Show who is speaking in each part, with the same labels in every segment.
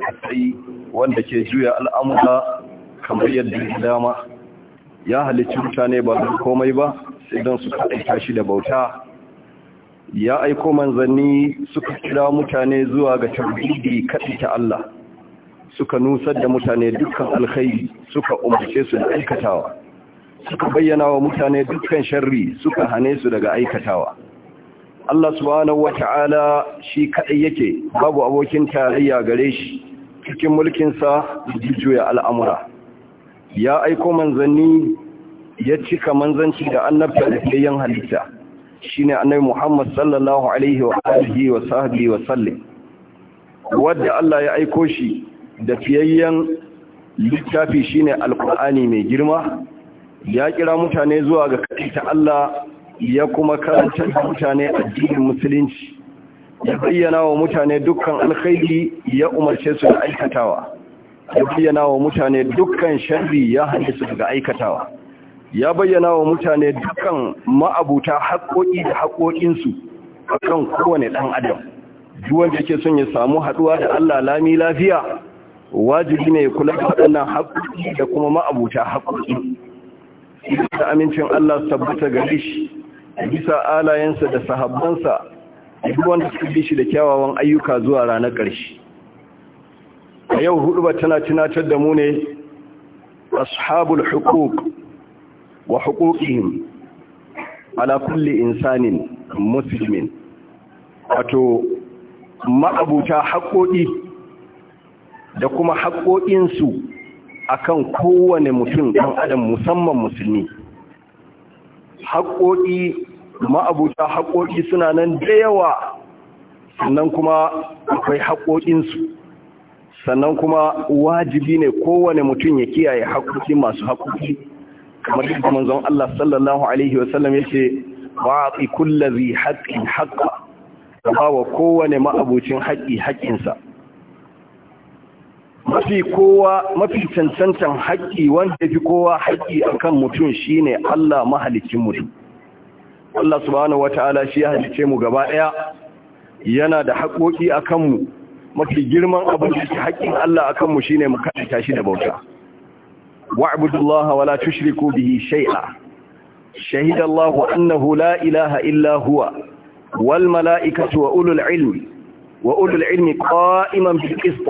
Speaker 1: kadai wanda ke juya al'amura kamar yadda dama ya halicci mutane ba da komai ba sai don su shi da bauta ya aiko manzanni suka kira mutane zuwa ga kaɗi ta Allah suka nusar da mutane dukkan alkhairi suka umarce su da aikatawa suka bayyana wa mutane dukkan sharri suka hane su daga aikatawa Allah subhanahu Ta'ala shi kaɗai yake babu abokin tarayya gare shi cikin mulkinsa da juya al'amura ya aiko manzanni ya cika manzanci da annabta da fiyayyen halitta shi ne annabi muhammad sallallahu alaihi wa alihi wa sahabi wa sallim wadda allah ya aiko shi da fiyayyen littafi shi ne alkur'ani mai girma ya kira mutane zuwa ga ta allah ya kuma karanta mutane addinin musulunci ya bayyana wa mutane dukkan alkhairi ya umarce su da aikatawa ya bayyana wa mutane dukkan sharri ya hanyar su daga aikatawa ya bayyana wa mutane dukkan ma'abuta haƙoƙi da haƙoƙinsu a kan kowane ɗan adam duwanda yake son ya samu haɗuwa da Allah lami lafiya wajibi ne kula da waɗannan haƙoƙi da kuma ma'abuta haƙoƙi da amincin Allah tabbata gari shi bisa alayensa da sahabbansa duk wanda suka bi shi da kyawawan ayyuka zuwa ranar ƙarshe a yau ba tana tunatar da mu ne ashabul huquq wa huquqihim ala kulli insanin muslimin wato ma'abuta haƙoƙi da kuma haƙoƙinsu akan kowane mutum ɗan adam musamman musulmi haƙoƙi ma'abuta haƙoƙi suna nan da yawa sannan kuma akwai haƙoƙinsu sannan kuma wajibi ne kowane mutum ya kiyaye haƙoƙi masu haƙoƙi kamar yadda manzon Allah sallallahu alaihi wasallam yace ba'ati kullazi haqqin haqqa bawa kowane ma'abucin haƙi haƙinsa mafi kowa mafi cancantan haƙi wanda fi kowa haƙi akan mutum shine Allah mahalicin mutum Allah subhanahu wata'ala shi ya halice mu gaba ɗaya yana da haƙoƙi a kanmu mafi girman abin da ke haƙƙin Allah a kanmu ne mu kaɗaita shi da bauta wa'budullaha wala tushriku bihi shai'a. Shahidallahu annahu la ilaha illa huwa wal mala'ikatu wa ulul ilmi wa ulul ilmi qa'iman bil qist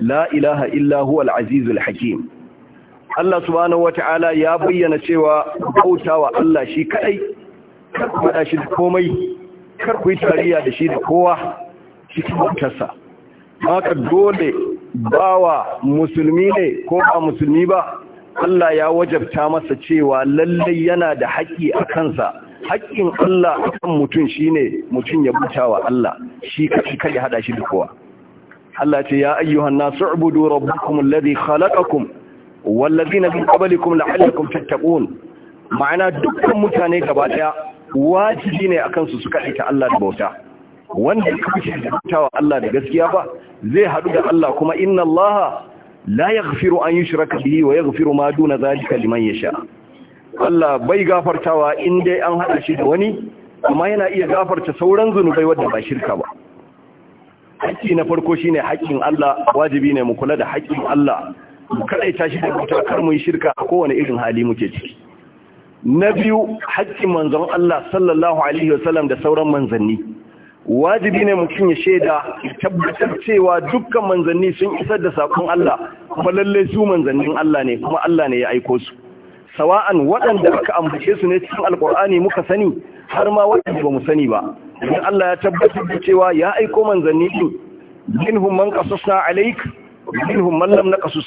Speaker 1: la ilaha illa huwa al hakim Allah subhanahu wata'ala ya bayyana cewa bautawa Allah shi kadai kar ku haɗa shi da komai kar ku yi da shi da kowa cikin bautarsa Maka dole bawa musulmi ne ko ba musulmi ba Allah ya wajabta masa cewa lallai yana da haƙƙi a kansa haƙƙin Allah a kan mutum ne mutum ya buta wa Allah shi kashi kai haɗa shi da kowa Allah ce ya ayyuhan nasu ubudu rabbakum alladhi khalaqakum wallazina min qablikum la'allakum tattaqun ma'ana dukkan mutane gaba ɗaya wajibi ne akan su suka aika Allah da bauta wanda ya kace bautawa Allah da gaskiya ba zai hadu da Allah kuma inna Allah la yaghfiru an yushraka bihi wa yaghfiru ma duna zalika liman yasha Allah bai gafartawa in dai an hada shi da wani amma yana iya gafarta sauran zunubai wanda ba shirka ba haƙƙi na farko shine haƙƙin Allah wajibi ne mu kula da haƙƙin Allah mu kadaita shi da bauta kar mu yi shirka a kowane irin hali muke ciki na biyu haƙƙin manzon Allah sallallahu alaihi wasallam da sauran manzanni wajibi ne mutum ya shaida tabbatar cewa dukkan manzanni sun isar da sakon Allah kuma lallai su manzannin Allah ne kuma Allah ne ya aiko su sawa'an waɗanda aka ambace su ne cikin alkur'ani muka sani har ma waɗanda ba mu sani ba idan Allah ya tabbatar da cewa ya aiko manzanni din minhum man qasasna minhum man lam naqasus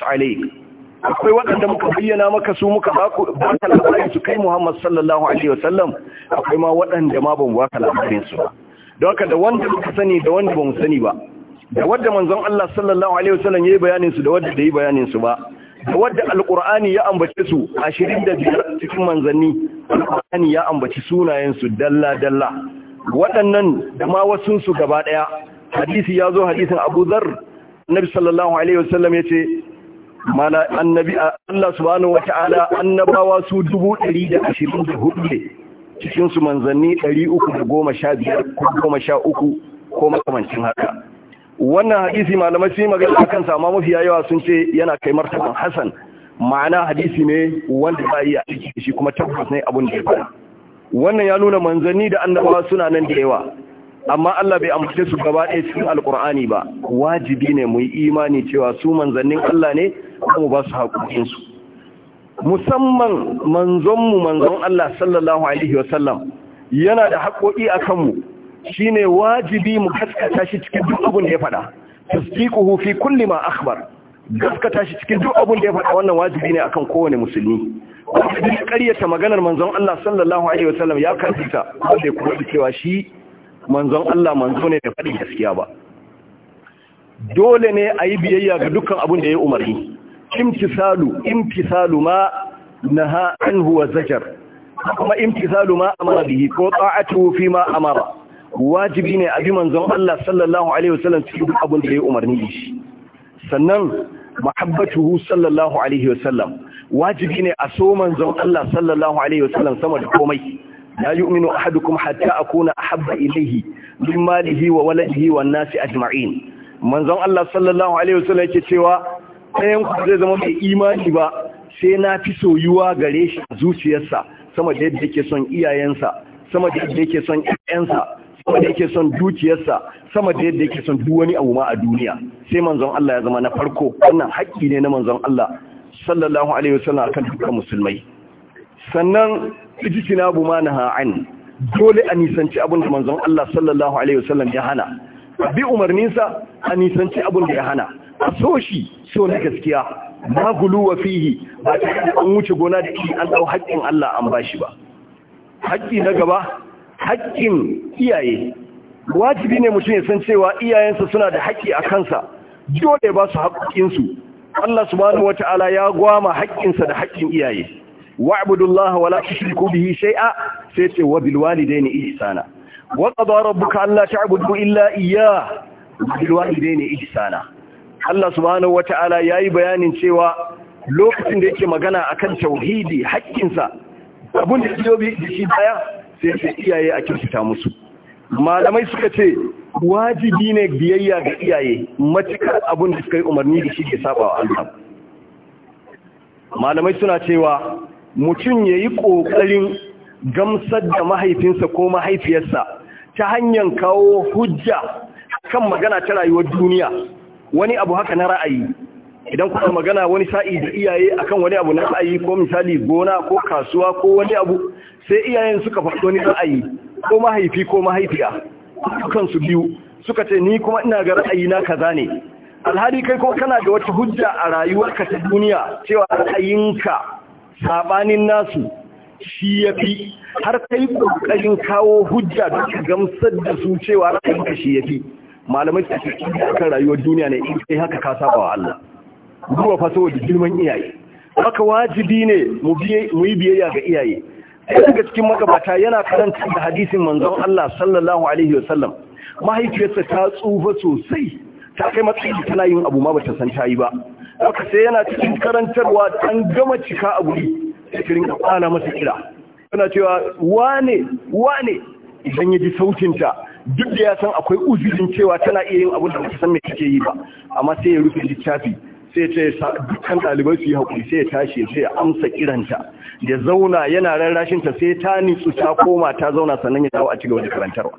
Speaker 1: akwai waɗanda muka bayyana maka su muka ba ka labarin su kai Muhammad sallallahu alaihi wasallam akwai ma waɗanda ma ban ba ka labarin su ba don haka da wanda muka sani da wanda bamu sani ba da wanda manzon Allah sallallahu alaihi wasallam yayi bayanin su da wanda bai bayanin su ba da wanda alqur'ani ya ambace su 25 cikin manzanni alqur'ani ya ambaci sunayen su dalla dalla waɗannan da ma wasun su gaba daya hadisi ya zo hadisin Abu Dharr Nabi sallallahu alaihi wasallam yace mana annabi Allah subhanahu ala, annabawa su 124 ne cikin su manzanni 315 ko 13 ko makamancin haka wannan hadisi malamai sun magana akan sama mafi yawa sun ce yana kai martaban Hassan ma'ana hadisi ne wanda ba iya ciki shi kuma tabbas ne abin da ya fara wannan ya nuna manzanni da annabawa suna nan da yawa amma Allah bai ambace su gaba ɗaya cikin alkur'ani ba wajibi ne mu yi imani cewa su manzannin Allah ne mu ba su haƙoƙinsu musamman manzonmu manzon Allah sallallahu alaihi wasallam yana da haƙoƙi a kanmu shine wajibi mu gaskata shi cikin duk abin da ya faɗa tasdiquhu fi kulli ma akhbar gaskata shi cikin duk abin da ya faɗa wannan wajibi ne akan kowane musulmi wajibi ne ƙaryata maganar manzon Allah sallallahu alaihi wasallam ya karanta ko da kuma cewa shi manzon Allah manzo ne da faɗi gaskiya ba dole ne a yi biyayya ga dukkan abin da ya yi umarni imtisalu imtisalu ma naha anhu wa zajar kuma imtisalu ma amara bihi ko ta'atu fi ma amara wajibi ne a bi manzon Allah sallallahu alaihi wasallam cikin duk abin da ya yi umarni shi sannan mahabbatuhu sallallahu alaihi wasallam wajibi ne a so manzon Allah sallallahu alaihi wasallam sama da komai la yu'minu ahadukum hatta akuna ahabba ilayhi min malihi wa waladihi wan nasi ajma'in manzon Allah sallallahu alaihi wasallam yake cewa ɗayan ku zai zama mai imani ba sai na fi soyuwa gare shi zuciyarsa sama da yadda yake son iyayensa sama da yadda yake son ƴaƴansa sama da yake son dukiyarsa sama da yadda yake son duk wani abu ma a duniya sai manzon Allah ya zama na farko wannan haƙƙi ne na manzon Allah sallallahu alaihi wasallam akan dukkan musulmai sannan na bu ma na an dole a nisanci abin da manzon Allah sallallahu alaihi wasallam ya hana bi umarninsa a nisanci abin da ya hana a so shi so na gaskiya ma wa fihi ba ta yi an wuce gona da ke an dau haƙƙin Allah an shi ba haƙƙi na gaba haƙƙin iyaye wajibi ne mutum ya san cewa iyayensa suna da haƙƙi a kansa dole ba su haƙƙinsu Allah subhanahu wataala ya gwama haƙƙinsa da haƙƙin iyaye wa'budullaha wala tushriku bihi shai'a sai ce wa bil walidaini ihsana wa ba rabbuka alla ta'budu illa iyyah bil walidaini ihsana Allah subhanahu ya yi bayanin cewa lokacin da yake magana akan tauhidi haƙƙinsa abun da yake bi da shi baya sai ce iyaye a kirkita musu malamai suka ce wajibi ne biyayya ga iyaye matukar abun da suka yi umarni da shi ke sabawa Allah malamai suna cewa mutum ya yi ƙoƙarin gamsar da mahaifinsa ko mahaifiyarsa ta hanyar kawo hujja kan magana ta rayuwar duniya wani abu haka na ra'ayi idan kuma magana wani sa'i da iyaye akan wani abu na ra'ayi ko misali gona ko kasuwa ko wani abu sai iyayen suka faɗo ni ra'ayi ko mahaifi ko mahaifiya kansu biyu suka ce ni kuma ina ga ra'ayi na kaza ne alhali kai ko kana da wata hujja a rayuwarka ta duniya cewa ra'ayinka sabanin nasu shi ya fi har kai ƙoƙarin kawo hujja da gamsar da su cewa ra'ayinka shi ya fi malamai su ke cikin akan rayuwar duniya ne in sai haka ka saba wa Allah duba fa saboda girman iyaye haka wajibi ne mu yi biyayya ga iyaye ɗaya daga cikin magabata yana karanta da hadisin manzon Allah sallallahu alaihi wasallam mahaifiyarsa ta tsufa sosai ta kai matsayi tana yin abu ma bata san ta yi ba haka sai yana cikin karantarwa an gama cika a wuri sai ki rinka kwana masa kira wa cewa wane wane idan ya ji sautinta duk da ya san akwai uzurin cewa tana iya yin abin da ba san me take yi ba amma sai ya rufe littafi sai ta dukkan ɗalibai su yi haƙuri sai ya tashi sai ya amsa kiranta ya zauna yana rarrashinta sai ta nitsu ta koma ta zauna sannan ya dawo a cigaba da karantarwa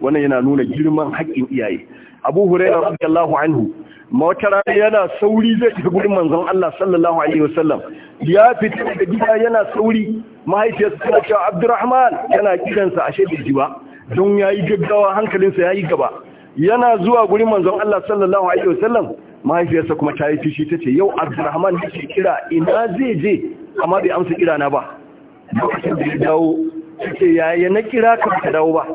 Speaker 1: wannan yana nuna girman haƙƙin iyaye abu hurairah radiyallahu anhu wata rana yana sauri zai tafi gurin manzon Allah sallallahu alaihi wasallam ya fita daga gida yana sauri mahaifiyarsa tana cewa Abdurrahman yana kiransa ashe da jiba don yayi gaggawa hankalinsa yayi gaba yana zuwa gurin manzon Allah sallallahu alaihi wasallam mahaifiyarsa kuma ta yi fishi ce. yau Abdurrahman ce kira ina zai je amma bai amsa kira na ba lokacin da ya dawo ya yi na kira ka dawo ba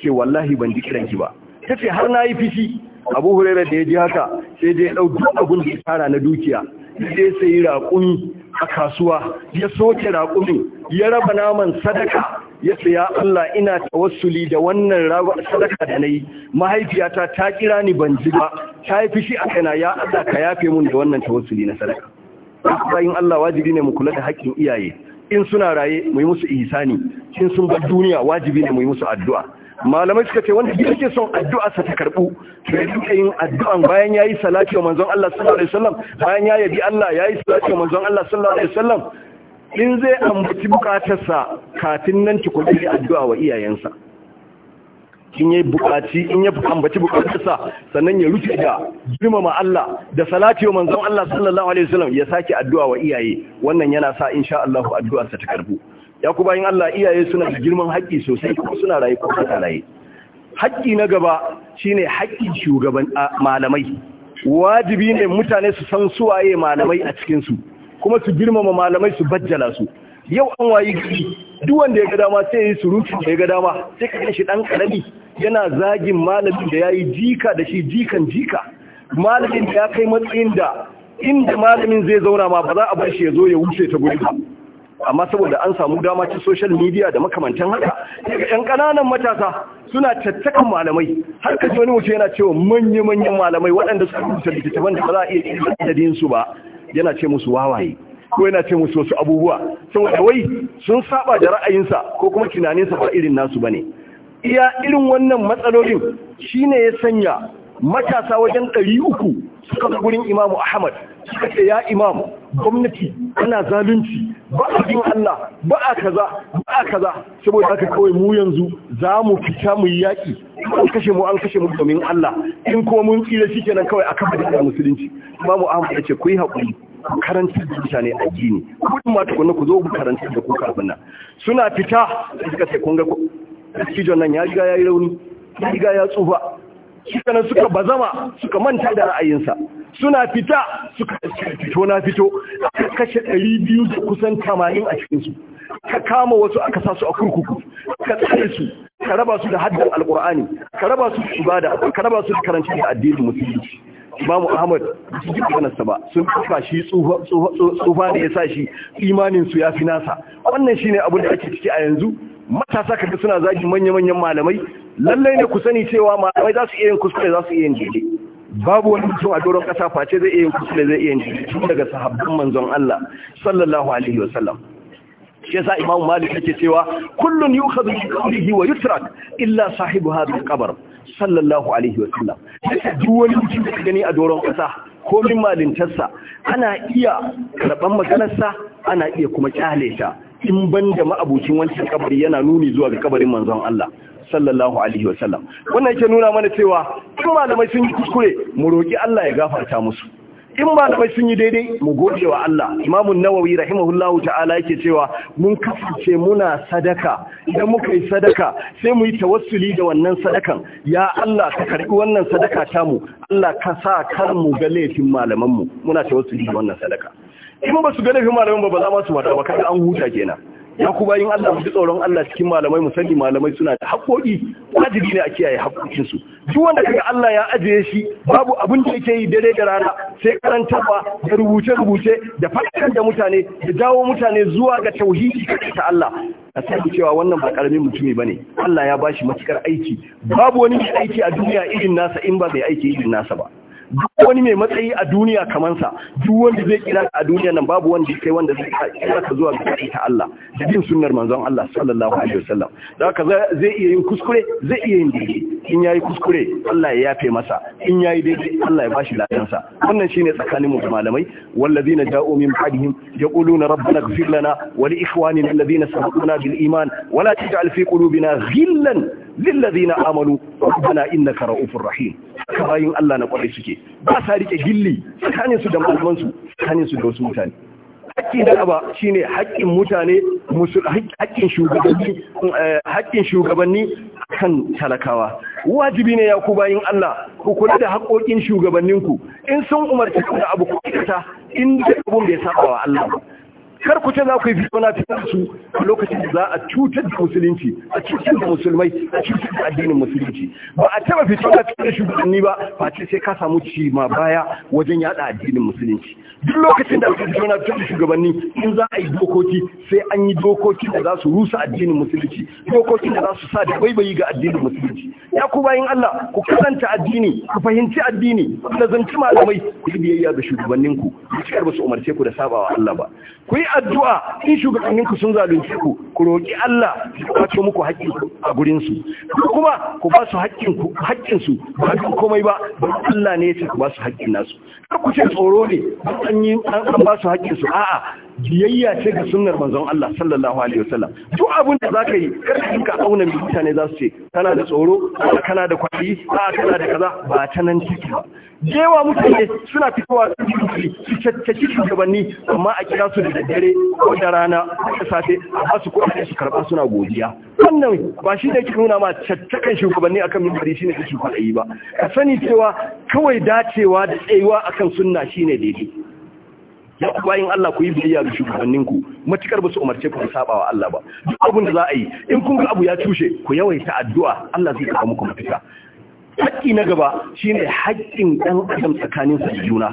Speaker 1: ce wallahi ban ji ki ba ce har na yi fishi abu hurera da ya ji haka sai dai ɗau duk abin da tsara na dukiya sai sai raƙumi a kasuwa ya soke raƙumi ya raba naman sadaka ya tsaya Allah ina tawassuli da wannan sadaka da nayi mahaifiyata ta kira ni ban ji ba ta yi fishi a kana ya Allah ka yafe mun da wannan tawassuli na sadaka bayan Allah wajibi ne mu kula da haƙƙin iyaye in suna raye mu yi musu ihsani in sun bar duniya wajibi ne mu yi musu addu'a malamai suka ce wanda yake son addu'a sa ta karbu to ya duka yin addu'an bayan yayi salati wa manzon Allah sallallahu alaihi wasallam bayan ya yabi Allah yayi salati wa manzon Allah sallallahu alaihi wasallam in zai ambaci sa kafin nan ki kuma yi addu'a wa iyayensa in yi bukaci in ya ambaci sa sannan ya rufe da girmama Allah da salati wa manzon Allah sallallahu alaihi wasallam ya saki addu'a wa iyaye wannan yana sa insha Allah addu'arsa ta karbu ya ku bayan Allah iyaye suna da girman haƙƙi sosai kuma suna raye ko suna raye haƙƙi na gaba shine haƙƙin shugaban malamai wajibi ne mutane su san suwaye malamai a cikin su kuma su girmama malamai su bajjala su yau an wayi duk wanda ya ga dama sai yi surutu da ya ga dama sai ka shi dan karami yana zagin malamin da yayi jika da shi jikan jika malamin da ya kai matsayin da inda malamin zai zauna ma ba za a bar shi ya zo ya wuce ta guri ba amma saboda an samu dama ta social media da makamantan haka daga yan kananan matasa suna tattakan malamai har kaji wani mutum yana cewa manya-manyan malamai waɗanda suka rubuta littattafan da ba za a iya adadin su ba yana ce musu wawaye ko yana ce musu wasu abubuwa saboda wai sun saba da ra'ayinsa ko kuma tunaninsa ba irin nasu bane iya irin wannan matsalolin shi ne ya sanya matasa wajen ɗari uku suka zo gurin imamu ahmad suka ce ya imam gwamnati ana zalunci ba a bin allah ba a kaza ba a kaza saboda haka kawai mu yanzu za mu fita mu yi yaƙi an kashe mu an kashe mu domin allah in kuma mun tsira shi kenan kawai a kafa da musulunci imamu ahmad ya ce ku yi haƙuri karantar da mutane a gini kudin ma tukunna ku zo ku karantar da ku kafin nan suna fita suka ce kun ga nan ya riga ya yi rauni ya riga ya tsufa shekanan suka bazama suka manta da ra'ayinsa suna fita suka fito na fito aka kashe 200 da kusan 80 a cikinsu ka kama wasu aka sa su a kurkuku ka tsare su ka raba su da haddan alkur'ani ka raba su da ibada ka raba su da karanci da addinin musulunci imamu ahmad su ji maganarsa sun kafa shi tsufa da ya sa shi imanin su ya fi nasa wannan shine abin da ake ciki a yanzu matasa kaga suna zagi manya-manyan malamai lallai ne ku sani cewa malamai za su iya yin kuskure za su iya yin jiki babu wani mutum a doron kasa face zai iya yin kuskure zai iya yin jiki tun daga sahabban manzon Allah sallallahu alaihi wa sallam shi yasa Imam Malik yake cewa kullun yukhadhu bi qawlihi wa yutrak illa sahibu hadha al-qabr sallallahu alaihi wa sallam duk wani mutum da gani a doron kasa ko min malintarsa ana iya karban maganarsa ana iya kuma kyale ta in ban da ma'abucin wancan kabari yana nuni zuwa ga kabarin manzon Allah sallallahu alaihi wa sallam wannan yake nuna mana cewa in malamai sun yi kuskure mu roki Allah ya gafarta musu in malamai sun yi daidai mu gode wa Allah Imam Nawawi rahimahullahu ta'ala yake cewa mun kasance muna sadaka idan muka yi sadaka sai mu yi tawassuli da wannan sadakan ya Allah ka karbi wannan sadaka mu, Allah ka sa kar mu ga laifin malaman mu muna tawassuli da wannan sadaka in ba su ga laifin malamai ba ba za ma su mata ba kaga an huta kenan ya ku bayin Allah su tsoron Allah cikin malamai musalli malamai suna da haƙoƙi wajibi ne a kiyaye haƙoƙin su duk wanda kaga Allah ya ajiye shi babu abin da yake yi dare da rana sai karantarwa da rubuce rubuce da fatan da mutane da dawo mutane zuwa ga tauhidi ta Allah a sani cewa wannan ba karamin mutumi bane Allah ya bashi matukar aiki babu wani aiki a duniya irin nasa in ba mai aiki irin nasa ba duk wani mai matsayi a duniya kamar sa duk wanda zai kira a duniya nan babu wanda kai wanda zai kira ka zuwa ga ta Allah da bin sunnar manzon Allah sallallahu alaihi wasallam da haka zai iya yin kuskure zai iya yin daidai in yayi kuskure Allah ya yafe masa in yayi daidai Allah ya bashi lafiyansa wannan shine tsakanin mu da malamai wallazina ja'u min ba'dihim yaquluna rabbana ighfir lana wa li ikhwanina alladhina sabaquna bil iman wa la taj'al fi qulubina ghillan lil ladina amanu rabbana innaka ra'ufur rahim kabayin Allah na kwarai suke ba sa rike gilli tsakanin su da malaman su tsakanin su da wasu mutane haƙƙi na gaba shine haƙƙin mutane haƙƙin shugabanni eh, kan talakawa wajibi ne ya ku bayin Allah ku kula da haƙoƙin shugabanninku in sun umarci da abu ku aikata in da abun bai saba wa Allah kar ku ce za ku yi fitona da su a lokacin da za a cutar da musulunci a cutar da musulmai a cutar da addinin musulunci ba a taba fitona cikin shugabanni ba ba ce sai ka samu ci ma baya wajen yada addinin musulunci duk lokacin da aka fitona cikin da shugabanni in za a yi dokoki sai an yi dokoki da za su rusa addinin musulunci dokoki da za su sa da baibayi ga addinin musulunci ya ku bayin Allah ku karanta addini ku fahimci addini ku lazanci malamai ku yi biyayya ga shugabanninku ku cikar ba su umarce ku da sabawa Allah ba ku yi addu'a in shugabanninku sun zalunci ku ku roƙi Allah ya kwace muku haƙƙi a gurin su kuma ku ba su haƙƙinsu ba duk komai ba Allah ne ya ce ku ba su haƙƙin nasu kar ku ce tsoro ne an yi an ba su haƙƙinsu a'a biyayya ce ga sunnar manzon Allah sallallahu alaihi wasallam duk abin da zaka yi kar ka auna mi mutane za su ce kana da tsoro kana da kwali a kana da kaza ba ta nan ciki ba jewa mutane suna fitowa su caccaki shugabanni amma a kira su da daddare ko da rana ko da safe a su kuɗi su karba suna godiya wannan ba shi da ke nuna ma caccakan shugabanni akan mimbari shine kake kwaɗayi ba ka sani cewa kawai dacewa da tsayuwa akan sunna shine daidai ya ku bayin Allah ku yi biyayya ga shugabannin ku matukar ba su umarce ku saba wa Allah ba duk abin da za a yi in kun ga abu ya tushe ku yawaita addu'a Allah zai kafa muku mafita haƙƙi na gaba shine haƙƙin ɗan adam tsakanin sa juna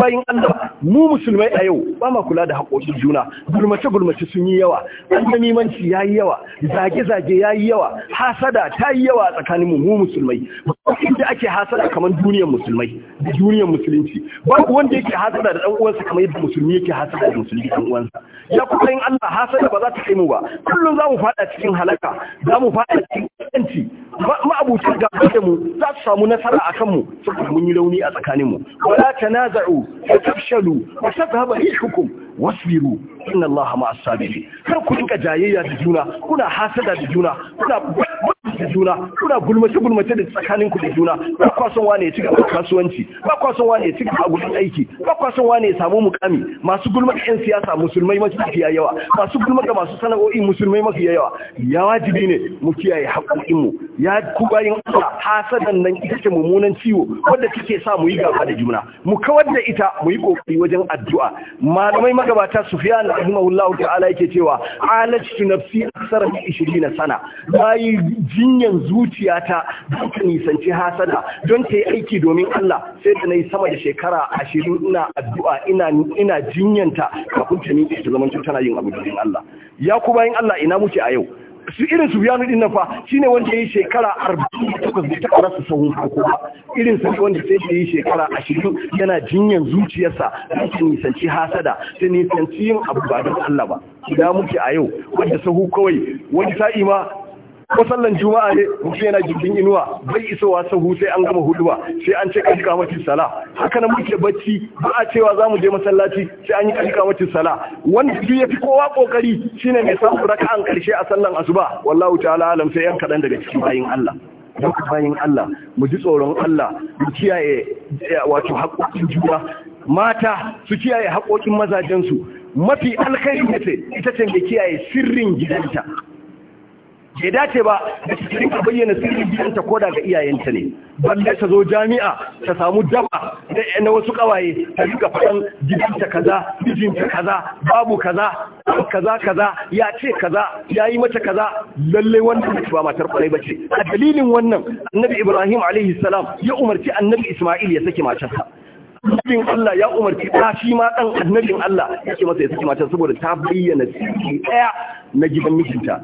Speaker 1: bayan Allah mu musulmai a yau ba ma kula da haƙoƙin juna gulmace gulmace sun yi yawa ya yayi yawa zage zage yayi yawa hasada ta yi yawa tsakanin mu mu musulmai inda ake hasada kamar duniyar musulmai da duniyar musulunci wanda yake hasada da dan uwansa kamar yadda musulmi yake hasada da musulmi dan uwansa ya kuma in Allah hasada ba za ta kai mu ba kullum za mu fada cikin halaka za mu faɗa cikin kanci ma'abucin gaba da mu za su samu nasara a kanmu saboda mun yi rauni a tsakanin mu wala tanaza'u wa tafshalu wa tadhhabu rihukum wasbiru inna Allah ma'as sabirin kar ku dinga jayayya da juna kuna hasada da juna kuna da juna kuna gulmace gulmace da tsakanin ku da juna ba kwa son wane ya ci gaba kasuwanci ba kwa son wane ya ci gaba aiki ba kwa son wane ya samu mukami masu gulma yan siyasa musulmai mafi yawa masu gulma masu sana'o'i musulmai mafi yawa yawa jibi ne mu kiyaye haƙƙoƙinmu. mu ya ku bayin Allah hasadan nan ita ce mummunan ciwo wanda take sa mu yi gaba da juna mu kawar da ita mu yi kokari wajen addu'a malamai magabata Sufyan rahimahullahu ta'ala yake cewa alajtu nafsi aksar min 20 sana bayi jinyan zuciyata don ta nisanci hasada don ta yi aiki domin Allah sai da nayi sama da shekara 20 ina addu'a ina ina jinyanta kafin ta ni zaman tana yin abu domin Allah ya ku bayin Allah ina muke a yau su irin su biyanu din fa shine wanda yayi shekara 48 da ta rasa sahun farko ba irin sa wanda sai yayi shekara 20 yana jinyan zuciyarsa sai nisanci hasada sai nisanci yin abu ba don Allah ba idan muke a yau wanda sahu kawai wani sa'i ma ko sallan juma'a ne mutum yana jirgin inuwa bai isowa sahu sai an gama huduwa sai an ce kan kamacin sala haka na muke bacci ba a cewa za mu je masallaci sai an yi kan kamacin sala wanda su ya fi kowa kokari shine mai samun an karshe a sallan asuba wallahu ta'ala alam sai yan kaɗan daga cikin bayin Allah duk bayin Allah mu ji tsoron Allah mu kiyaye eh, wato haƙoƙin juna mata su kiyaye haƙoƙin mazajensu mafi alkhairi ita ce mai kiyaye sirrin gidanta bai dace ba da cikin ka bayyana sirrin biyanta ko daga ga iyayenta ne balle ta zo jami'a ta samu daba na wasu kawaye ta rika faɗan gidanta kaza mijinta kaza babu kaza kaza kaza ya ce kaza ya yi mata kaza lalle wannan mace ba matar kwarai bace a dalilin wannan annabi ibrahim alaihi salam ya umarci annabi isma'il ya saki sa annabin Allah ya umarci ta shi ma ɗan annabin Allah yake masa ya saki matar saboda ta bayyana sirri ɗaya na gidan mijinta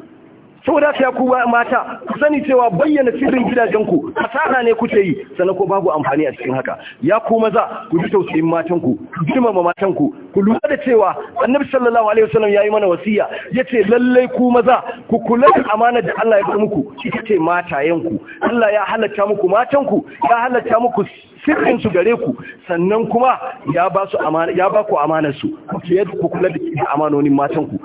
Speaker 1: saboda ya ku mata ku sani cewa bayyana sirrin ku, fasaha ne kuke yi sannan ko babu amfani a cikin haka ya ku maza ku ji tausayin matanku ku girmama matanku ku lura da cewa annabi sallallahu alaihi wasallam yayi mana wasiya yace lallai ku maza ku kula da amanar da Allah ya ba muku ita ce matayenku Allah ya halatta muku matanku ya halatta muku sirrin su gare ku sannan kuma ya ba su amana ya ba ku amanar su ku kiyaye ku kula da amanonin matan ku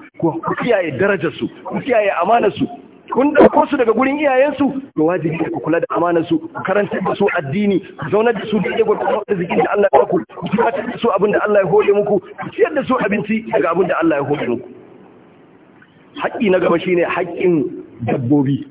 Speaker 1: ku kiyaye darajar su ku kiyaye amanar su kun ɗauko su daga gurin iyayensu to wajibi ku kula da su, ku karanta da su addini ku zaunar da su da iya da Allah ya ku ku tunatar da su abin da Allah ya hore muku ku ciyar da su abinci daga abin da Allah ya hore muku haƙƙi na gaba shine haƙƙin dabbobi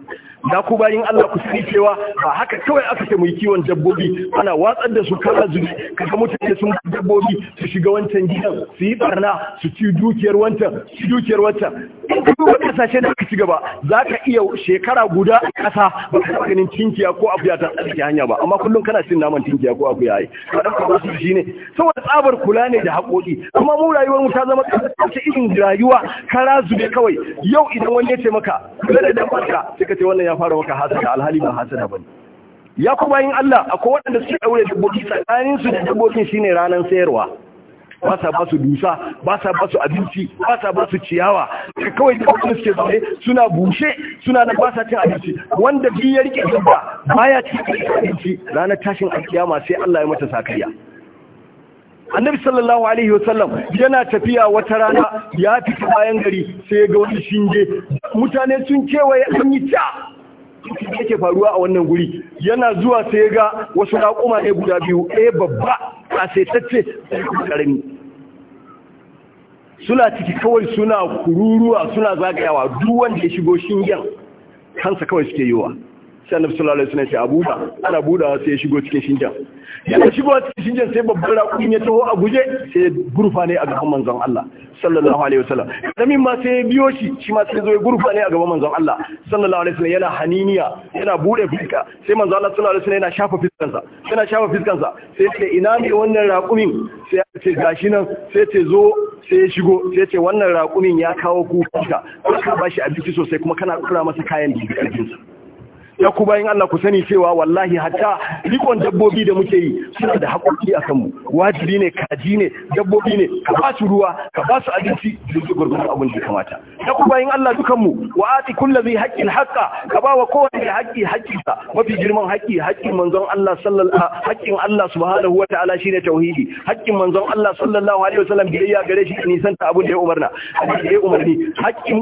Speaker 1: na ku bayin Allah ku sani cewa ba haka kawai aka ce mu yi kiwon dabbobi ana watsar da su kala zubi kaga mutane sun dabbobi su shiga wancan gidan su yi barna su ci dukiyar wancan su dukiyar wancan in ka kasashe da aka ci gaba za ka iya shekara guda a ƙasa ba ka ganin tinkiya ko akuya ta tsarki hanya ba amma kullum kana cin naman tinkiya ko akuya ai ka dauka ba su shi ne saboda tsabar kula ne da haƙoƙi kuma mu rayuwar mu ta zama kasance irin rayuwa kara zube kawai yau idan wani ya ce maka kula da dan barka sai ka ce wannan ya ya fara maka hasada alhali ba hasada bane ya kuma yin Allah akwai waɗanda suke daure dabbobi tsakanin su da dabbobin shine ranan sayarwa ba sa ba su dusa ba sa ba su abinci ba sa ba su ciyawa kawai dabbobin suke zaune suna bushe suna nan ba sa cin abinci wanda bi ya rike dabba baya cin abinci ranar tashin alkiyama sai Allah ya mata sakayya annabi sallallahu alaihi wa sallam, yana tafiya wata rana ya fita bayan gari sai ya ga wani shinge mutane sun kewaye an yi ta da yake faruwa a wannan guri yana zuwa sai ga wasu raƙuma ne guda biyu ɗaya eh, babba kasaitacce da ƙarami suna ciki kawai suna kururuwa suna zagayawa duk wanda ya shigo shingen kansa kawai suke yiwa sai annabi sallallahu alaihi wasallam ce a buɗa ana buda sai ya shigo cikin shinjan yana shigowa cikin shinjan sai babban raƙumin ya taho a guje sai gurfa ne a gaban manzon Allah sallallahu alaihi wasallam min ma sai ya biyo shi shi ma sai zo ya gurfa ne a gaban manzon Allah sallallahu alaihi wasallam yana haniniya yana bude fuska sai manzon Allah sallallahu alaihi wasallam yana shafa fiskansa yana shafa fiskansa sai ce ina ne wannan raƙumin sai ya ce gashi nan sai ce zo sai ya shigo sai ya ce wannan raƙumin ya kawo kuka ka ba shi abinci sosai kuma kana kura masa kayan da ya ya ku bayan Allah ku sani cewa wallahi hatta rikon dabbobi da muke yi suna da haƙoƙi a kanmu wajibi ne kaji ne dabbobi ne ka ba su ruwa ka ba su abinci da su gurgurta abin da kamata ya ku bayan Allah dukanmu wa ati kullu zai haqqin haqqa ka ba wa kowanne haƙƙi haƙƙinsa mafi girman haƙƙi haƙƙin manzon Allah sallallahu haƙƙin Allah subhanahu wataala shine tauhidi haƙƙin manzon Allah sallallahu alaihi wasallam biyayya gare shi nisan ta abin da ya umarna da umarni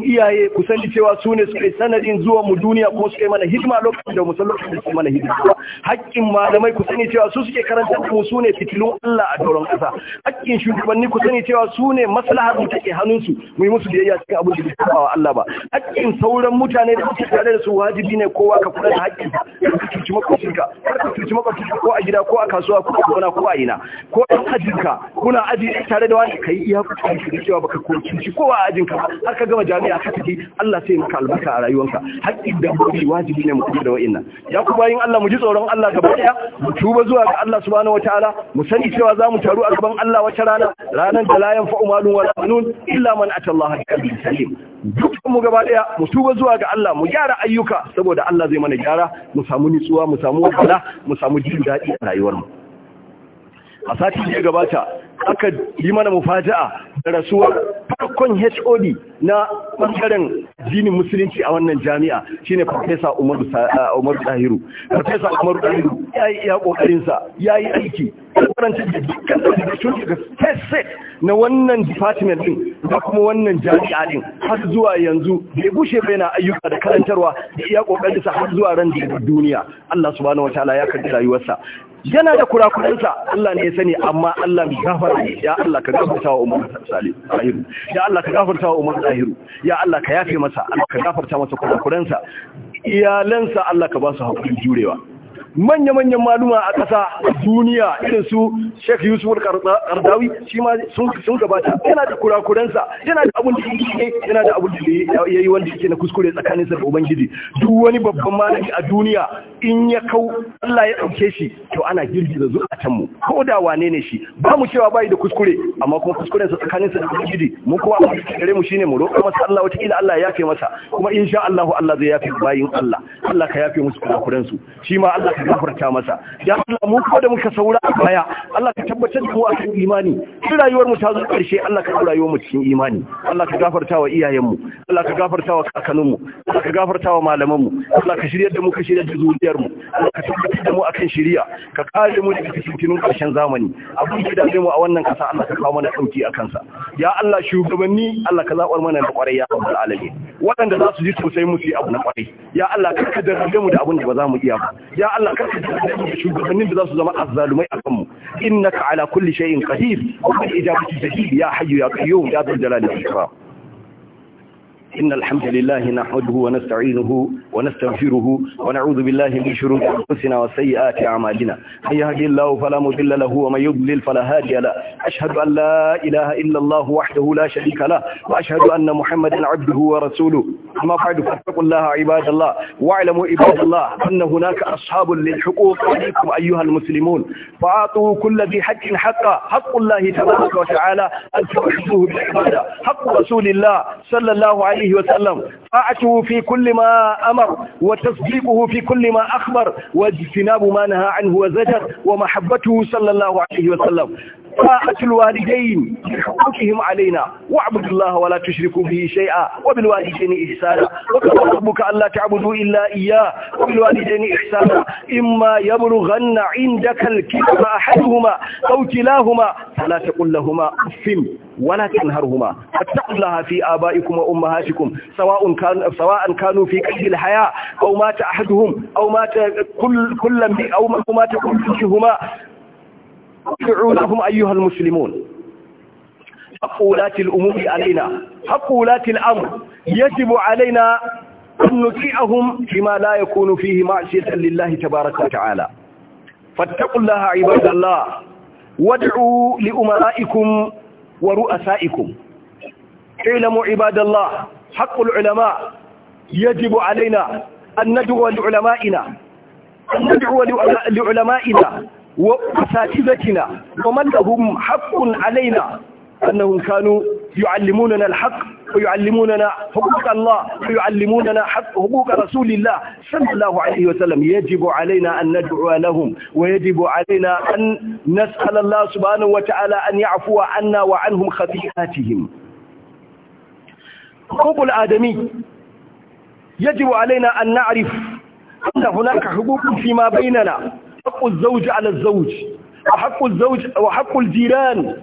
Speaker 1: iyaye ku sani cewa su suke sanadin zuwa mu duniya kuma suke mana hidima lokacin da musulmi da su mana hidima haƙƙin malamai ku sani cewa su suke karanta da su ne fitilun Allah a doron ƙasa haƙƙin shugabanni ku sani cewa su ne maslahar mu take hannunsu mu yi musu biyayya cikin abin da ke saba wa Allah ba haƙƙin sauran mutane da suke tare da su wajibi ne kowa ka kula da haƙƙin ka cuci makwabcinka kar ka cuci makwabcinka ko a gida ko a kasuwa ko a gona ko a ina ko ajin ajinka kuna aji tare da wani kai iya kuka da cewa baka cuci kowa a ajinka har ka gama jami'a ka tafi Allah sai maka albarka a rayuwarka haƙƙin da wajibi ne mu da wa'annan ya ku bayin Allah mu ji tsoron Allah gaba daya mu tuba zuwa ga Allah subhanahu wataala mu sani cewa za mu taru a gaban Allah wata rana ranar da la yanfa'u malun wala banun illa man ata Allah bi salim dukkan mu gaba daya mu tuba zuwa ga Allah mu gyara ayyuka saboda Allah zai mana gyara mu samu nutsuwa mu samu wala mu samu jin daɗi a rayuwar mu a sati da ya gabata aka yi mana mufaja'a da rasuwar farkon HOD na ɓangaren jini musulunci a wannan jami'a shine farfesa umaru ɗahiru farfesa ah, umaru ɗahiru ya yi iya ƙoƙarinsa ya yi aiki karanta da dukkan ɗaukacin daga state na wannan department ɗin da kuma wannan jami'a ɗin har zuwa yanzu bai bushe bai na ayyuka da karantarwa da iya ƙoƙarinsa har zuwa ran da duniya Allah subhanahu ta'ala ya karɓi rayuwarsa yana da kurakuransa Allah ne ya sani amma Allah mai gafara ne ya Allah ka gafarta wa Umar Salim ya Allah ka gafarta wa Umar zahiru ya Allah ka yafe masa Allah ka gafarta masa kurakuransa iyalansa Allah ka ba su hakuri jurewa manya-manyan maluma a ƙasa duniya irin su Sheikh Yusuf Kardawi shi ma sun gabata yana da kurakuransa yana da abin da yake yana da abin da yayi wanda yake na kuskure tsakanin sa da ubangiji duk wani babban malami a duniya in ya kau Allah ya dauke shi to ana girgiza can mu ko da wane ne shi ba mu cewa bai da kuskure amma kuma kuskuren sa tsakanin sa da ubangiji mu kuma a da gare mu shine mu roƙa masa Allah wata kila Allah ya yafe masa kuma insha Allah Allah zai yafe bayin Allah Allah ka yafe musu kurakuransu shi ma Allah ka gafarta masa ya Allah mu ko da muka saura baya Allah ka tabbatar da mu akan imani duk rayuwar mu ta zo karshe Allah ka daura rayuwar mu cikin imani Allah ka gafarta wa iyayen mu Allah ka gafarta wa kakannin mu Allah ka gafarta wa malaman mu Allah ka shiryar da mu ka shiryar da zuriyar mu Allah ka tabbatar da mu akan shiriya ka kare mu daga fitinun karshen zamani abin da dame mu a wannan kasa Allah ka kawo mana dauki akan sa ya Allah shugabanni Allah ka zabar mana da kwarai ya rabbul alamin waɗanda za su ji tausayin mu su abu na kwarai ya Allah ka kaddara mu da abin da ba za mu iya ba ya Allah karka da shugabannin da za su zama azzalumai a kanmu innaka ala kulli shay'in qadir wa bi ijabati ya hayyu ya qayyum ya dhul jalali wal ikram إن الحمد لله نحمده ونستعينه ونستغفره ونعوذ بالله من شرور أنفسنا وسيئات أعمالنا من يهدي الله فلا مضل له ومن يضلل فلا هادي له أشهد أن لا إله إلا الله وحده لا شريك له وأشهد أن محمدا عبده ورسوله أما بعد فاتقوا الله عباد الله واعلموا عباد الله أن هناك أصحاب للحقوق عليكم أيها المسلمون فأعطوا كل ذي حق حقا حق الله تبارك وتعالى أن تحبوه بالعبادة حق رسول الله صلى الله عليه عليه وسلم طاعته في كل ما أمر وتصديقه في كل ما أخبر واجتناب ما نهى عنه وزجر ومحبته صلى الله عليه وسلم طاعة الوالدين بحقوقهم علينا واعبدوا الله ولا تشركوا به شيئا وبالوالدين إحسانا وقال ربك ألا تعبدوا إلا إياه وبالوالدين إحسانا إما يبلغن عندك الكبر أحدهما أو كلاهما فلا تقل لهما أف ولا تنهرهما فاتقوا الله في آبائكم وأمهاتكم أموالكم سواء كان سواء كانوا في قيد الحياة أو مات أحدهم أو مات كل كل أو مات كل منهما ادعوا لهم أيها المسلمون حق ولاة الأمور علينا حق ولاة الأمر يجب علينا أن نطيعهم فيما لا يكون فيه معصية لله تبارك وتعالى فاتقوا الله عباد الله وادعوا لأمرائكم ورؤسائكم اعلموا عباد الله حق العلماء يجب علينا أن ندعو لعلمائنا أن ندعو لعلمائنا وأساتذتنا ومن لهم حق علينا أنهم كانوا يعلموننا الحق ويعلموننا حقوق الله ويعلموننا حق حقوق رسول الله صلى الله عليه وسلم يجب علينا أن ندعو لهم ويجب علينا أن نسأل الله سبحانه وتعالى أن يعفو عنا وعنهم خطيئاتهم حقوق الآدمي يجب علينا أن نعرف أن هناك حقوق فيما بيننا حق الزوج على الزوج وحق الزوج وحق الجيران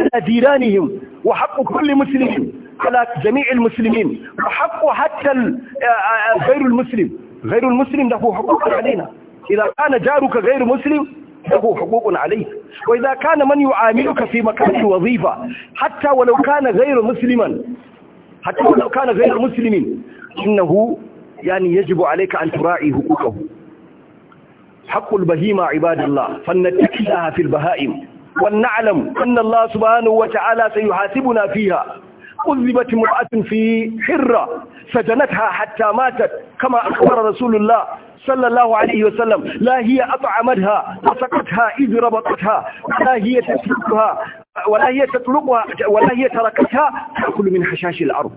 Speaker 1: على جيرانهم وحق كل مسلم على جميع المسلمين وحق حتى آه، آه، غير المسلم غير المسلم له حقوق علينا إذا كان جارك غير مسلم له حقوق عليك وإذا كان من يعاملك في مكان الوظيفة حتى ولو كان غير مسلما حتى لو كان غير مسلم إنه يعني يجب عليك أن تراعي حقوقه حق البهيمة عباد الله فلنتكلها في البهائم ولنعلم أن الله سبحانه وتعالى سيحاسبنا فيها أذبت امرأة في حرة سجنتها حتى ماتت كما أخبر رسول الله صلى الله عليه وسلم لا هي أطعمتها وسقتها إذ ربطتها لا هي تسلكها ولا هي تطلبها ولا هي تركتها تأكل من حشاش الأرض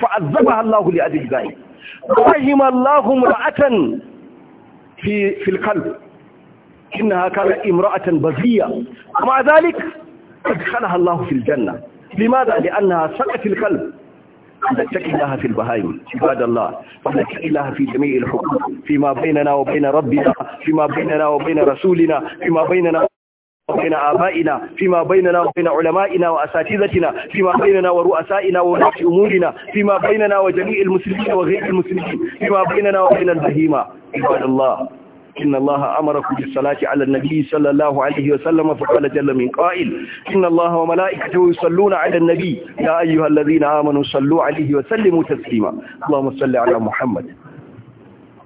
Speaker 1: فعذبها الله لأجل ذلك رحم الله امرأة في في القلب إنها كانت امرأة بذية ومع ذلك أدخلها الله في الجنة لماذا؟ لأنها سقت القلب فلنتق لها في البهائم عباد الله فلنتق لها في جميع الحقوق فيما بيننا وبين ربنا فيما بيننا وبين رسولنا فيما بيننا وبين آبائنا فيما بيننا وبين علمائنا وأساتذتنا فيما بيننا ورؤسائنا وولاة أمورنا فيما بيننا وجميع المسلمين وغير المسلمين فيما بيننا وبين البهيمة عباد الله إن الله أمركم بالصلاة على النبي صلى الله عليه وسلم فقال جل من قائل إن الله وملائكته يصلون على النبي يا أيها الذين آمنوا صلوا عليه وسلموا تسليما اللهم صل على محمد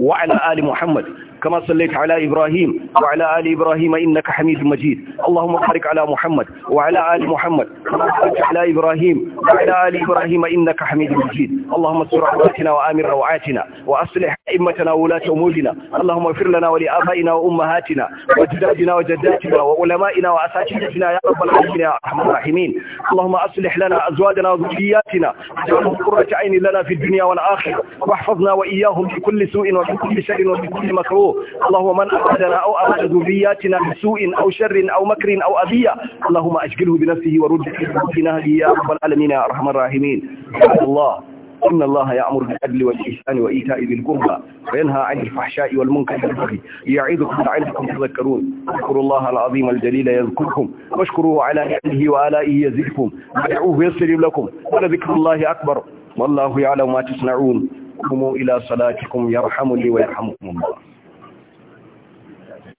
Speaker 1: وعلى آل محمد كما صليت على إبراهيم وعلى آل إبراهيم إنك حميد مجيد اللهم بارك على محمد وعلى آل محمد كما باركت على إبراهيم وعلى آل إبراهيم إنك حميد مجيد اللهم استر عوراتنا وآمن روعاتنا وأصلح أئمتنا وولاة أمورنا اللهم اغفر لنا ولآبائنا وأمهاتنا وأجدادنا وجداتنا وعلمائنا وأساتذتنا يا رب العالمين يا أرحم الراحمين اللهم أصلح لنا أزواجنا وذرياتنا واجعلهم قرة عين لنا في الدنيا والآخرة واحفظنا وإياهم في كل سوء وفي كل شر وفي كل مكروه اللهم من أرادنا أو أراد ذرياتنا بسوء أو شر أو مكر أو أذية اللهم أشغله بنفسه ورد في نهجه يا رب العالمين يا أرحم الراحمين الله إن الله يأمر بالعدل والإحسان وإيتاء ذي القربى وينهى عن الفحشاء والمنكر والبغي يعظكم لعلكم تذكرون اذكروا الله العظيم الجليل يذكركم واشكروه على نعمه وآلائه يزدكم ودعوه يستجب لكم ولذكر الله أكبر والله يعلم ما تصنعون قوموا إلى صلاتكم يرحمني ويرحمكم الله